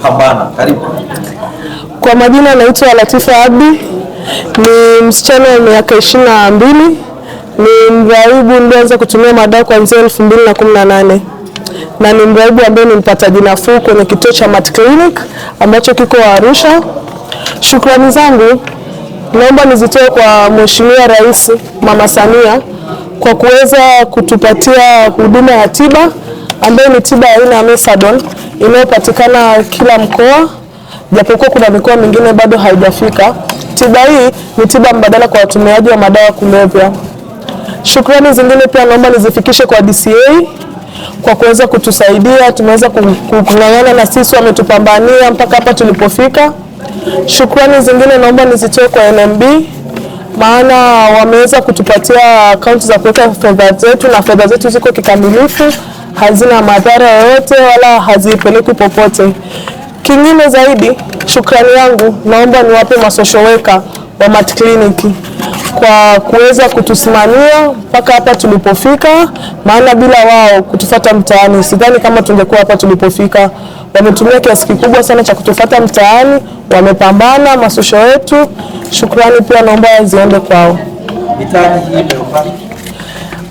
kupambana. Karibu. Kwa majina naitwa Latifa Abdi, ni msichana wa miaka ishirini na mbili, ni mraibu nilianza kutumia madawa kuanzia elfu mbili na kumi na nane na ni mraibu ambaye ni mpataji nafuu kwenye kituo cha Mat Clinic ambacho kiko Arusha. Shukrani zangu naomba nizitoe kwa Mheshimiwa Rais Mama Samia kwa kuweza kutupatia huduma ya tiba ambayo ni tiba aina ya methadone inayopatikana kila mkoa, japokuwa kuna mikoa mingine bado haijafika. Tiba hii ni tiba mbadala kwa watumiaji wa madawa kulevya. Shukrani zingine pia naomba nizifikishe kwa DCA kwa kuweza kutusaidia, tumeweza kung'ang'ana na sisi, wametupambania mpaka hapa tulipofika. Shukrani zingine naomba nizitoe kwa NMB maana wameweza kutupatia akaunti za kuweka fedha zetu na fedha zetu ziko kikamilifu hazina madhara yoyote wala hazipeleki popote. kingine zaidi, shukrani yangu naomba niwape masosho weka wa Mat Clinic kwa kuweza kutusimamia mpaka hapa tulipofika, maana bila wao kutufata mtaani sidhani kama tungekuwa hapa tulipofika. Wametumia kiasi kikubwa sana cha kutufata mtaani, wamepambana masosho yetu. Shukrani pia naomba ziende kwao.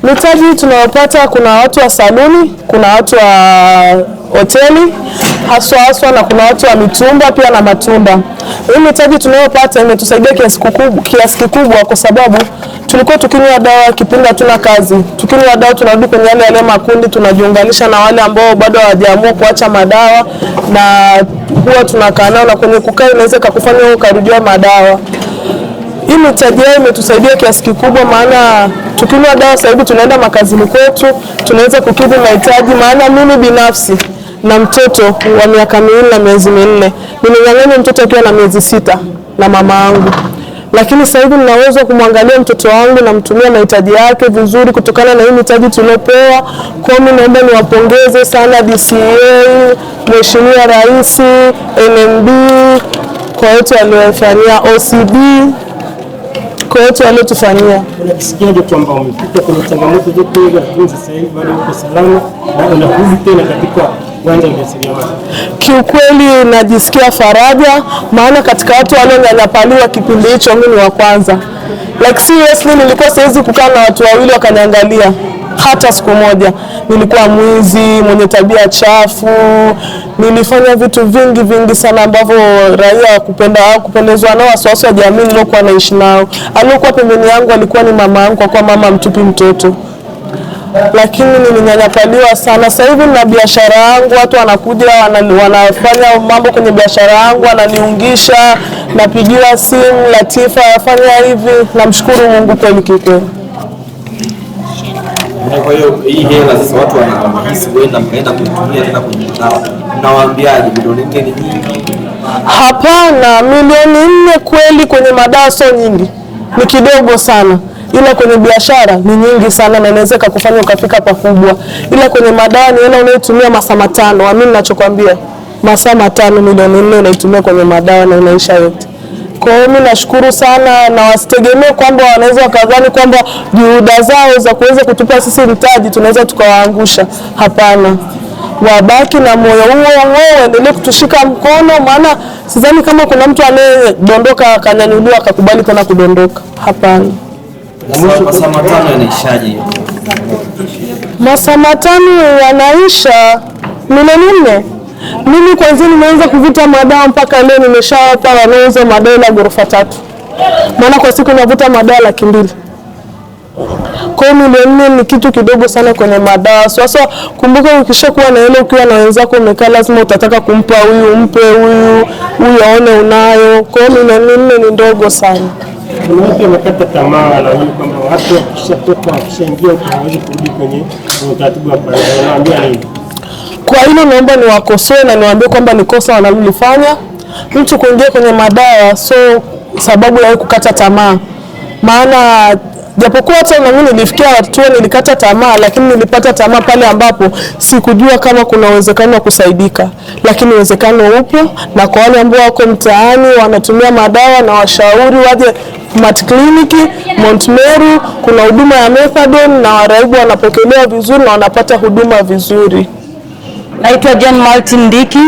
Mitaji tunayopata kuna watu wa saluni, kuna watu wa hoteli haswa haswa, na kuna watu wa mitumba pia na matunda. Hii mitaji tunayopata imetusaidia kiasi kikubwa, kwa sababu tulikuwa tukinywa dawa kipindi hatuna kazi. Tukinywa dawa tunarudi kwenye yale yale makundi, tunajiunganisha na wale ambao bado hawajaamua kuacha madawa, na huwa tunakaa nao, na kwenye kukaa inaweza kakufanya ukarudia madawa hii mitaji yao imetusaidia kiasi kikubwa, maana tukinywa dawa sasa hivi tunaenda makazini kwetu, tunaweza kukidhi mahitaji. Maana mimi binafsi na mtoto wa miaka miwili na miezi minne, nimenyang'anywa mtoto akiwa na miezi sita na mama yangu, lakini sasa hivi ninaweza kumwangalia mtoto wangu, na mtumia mahitaji yake vizuri kutokana na hii mitaji tuliopewa. Kwa hiyo naomba niwapongeze sana DCA, Mheshimiwa Rais, NMB kwa yote aliyofanyia OCD mambo yote waliotufanyia. Unajisikiaje kwamba umepita kwenye changamoto zote hizo, lakini sasa hivi bado uko salama na unarudi tena katika Kiukweli najisikia faraja, maana katika watu walionyanyapaliwa kipindi hicho mimi ni wa kwanza. Like seriously nilikuwa siwezi kukaa na watu wawili wakaniangalia hata siku moja. Nilikuwa mwizi, mwenye tabia chafu, nilifanya vitu vingi vingi sana ambavyo raia wakupenda au kupendezwa nao, wasiwasi wa jamii niliokuwa naishi nao. Aliokuwa pembeni yangu alikuwa ni mama yangu, kwa kuwa mama mtupi mtoto lakini nilinyanyapaliwa sana. Sasa hivi na biashara yangu, watu wanakuja wanafanya mambo kwenye biashara yangu, wananiungisha, napigiwa simu, Latifa, afanya hivi. Namshukuru Mungu kweli kikweli. Kwa hiyo hii hela sasa watu wanahisi huenda mkaenda kuitumia tena kwenye Milioni nne ni nyingi? Hapana, milioni nne kweli kwenye madawa sio nyingi, ni kidogo sana ila kwenye biashara ni nyingi sana na inaweza kukufanya ukafika pakubwa, ila kwenye madawa ni hela unayotumia masaa matano. Amini nachokwambia, masaa matano, milioni nne unaitumia kwenye madawa na unaisha yote. Kwa hiyo mimi nashukuru sana, na wasitegemee kwamba wanaweza wakadhani kwamba juhuda zao za kuweza kutupa sisi mtaji tunaweza tukawaangusha. Hapana, wabaki na moyo huo huo, waendelee kutushika mkono, maana sidhani kama kuna mtu anayedondoka akanyanyuliwa akakubali tena kudondoka. Hapana. Masaa matano yanaisha milioni nne. Mimi kwanzia nimeanza kuvuta madawa mpaka leo nimeshawapa wanaouza madawa ghorofa tatu, maana kwa siku navuta madawa laki mbili kwa milioni nne ni kitu kidogo sana kwenye madawa. Sasa kumbuka, ukishakuwa na hela, ukiwa na wenzako umekaa, lazima utataka kumpa huyu, mpe huyu, huyu aone unayo. Kwa hiyo milioni nne ni ndogo sana. tamaa, kwamba watu wakishatoka wakishaingia kurudi kwenye utaratibu wa kawaida. nini? Kwa hilo naomba niwakosoe na niwaambie kwamba ni kosa wanalolifanya mtu kuingia kwenye madawa, so sababu ya kukata tamaa. Maana japokuwa hata na mimi nilifikia hatua nilikata tamaa, lakini nilipata tamaa pale ambapo sikujua kama kuna uwezekano wa kusaidika, lakini uwezekano upo. Na kwa wale ambao wako mtaani wanatumia madawa, na washauri waje Mat Clinic Mount Meru, kuna huduma ya methadone na waraibu wanapokelewa vizuri na wanapata huduma vizuri. Naitwa Jane Martin Ndiki,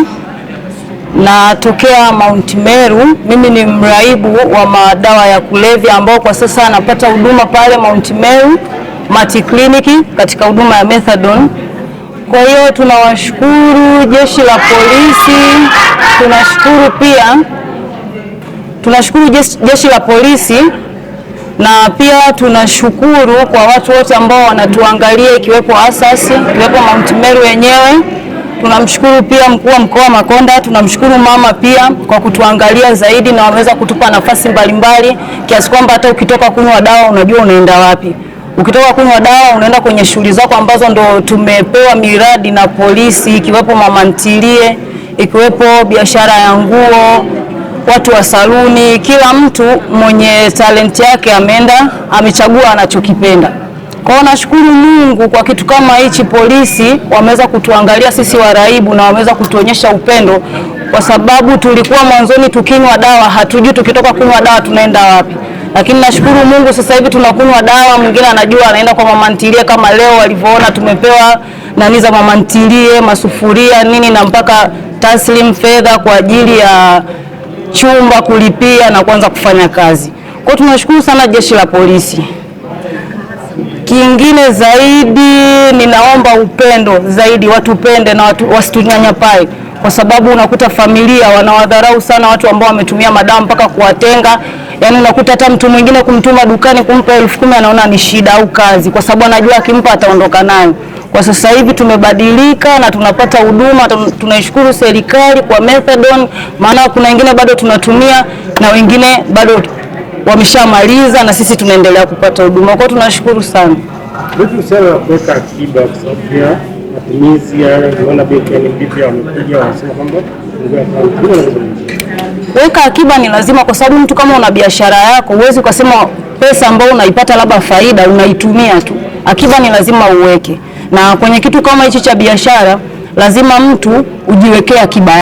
natokea Mount Meru. Mimi ni mraibu wa madawa ya kulevya ambao kwa sasa anapata huduma pale Mount Meru Mati Clinic katika huduma ya methadone. Kwa hiyo tunawashukuru jeshi la polisi, tunashukuru pia tunashukuru jeshi la polisi na pia tunashukuru kwa watu wote ambao wanatuangalia ikiwepo asasi ikiwepo Mount Meru yenyewe. Tunamshukuru pia mkuu wa mkoa Makonda, tunamshukuru mama pia kwa kutuangalia zaidi na wameweza kutupa nafasi mbalimbali kiasi kwamba hata ukitoka kunywa dawa unajua unaenda wapi. Ukitoka kunywa dawa unaenda kwenye shughuli zako ambazo ndo tumepewa miradi na polisi, ikiwepo mama ntilie, ikiwepo biashara ya nguo, watu wa saluni. Kila mtu mwenye talenti yake ameenda amechagua anachokipenda. Kwao nashukuru Mungu kwa kitu kama hichi, polisi wameweza kutuangalia sisi waraibu na wameweza kutuonyesha upendo, kwa sababu tulikuwa mwanzoni tukinywa dawa hatujui tukitoka kunywa dawa tunaenda wapi, lakini nashukuru Mungu sasa hivi tunakunywa dawa, mwingine anajua anaenda kwa mama ntilie, kama leo walivyoona tumepewa nani za mama ntilie, masufuria nini na mpaka taslim fedha kwa ajili ya chumba kulipia na kuanza kufanya kazi. Kwa tunashukuru sana jeshi la polisi. Kingine zaidi, ninaomba upendo zaidi, watu na watu wasitunyanyapae, kwa sababu unakuta familia wanawadharau sana watu ambao wametumia madawa mpaka kuwatenga. Yani unakuta hata mtu mwingine kumtuma dukani kumpa elfu kumi anaona ni shida au kazi, kwa sababu anajua akimpa ataondoka nayo. Kwa sasa hivi tumebadilika na tunapata huduma, tunaishukuru serikali kwa methadone, maana kuna wengine bado tunatumia na wengine bado wameshamaliza na sisi tunaendelea kupata huduma kwao, tunashukuru sana. Vipi swala la kuweka akiba kwa sababu pia matumizi ya unaona benki wamekuja wanasema kwamba weka akiba ni lazima, kwa sababu mtu kama una biashara yako huwezi ukasema pesa ambayo unaipata labda faida unaitumia tu. Akiba ni lazima uweke, na kwenye kitu kama hichi cha biashara lazima mtu ujiwekee akiba.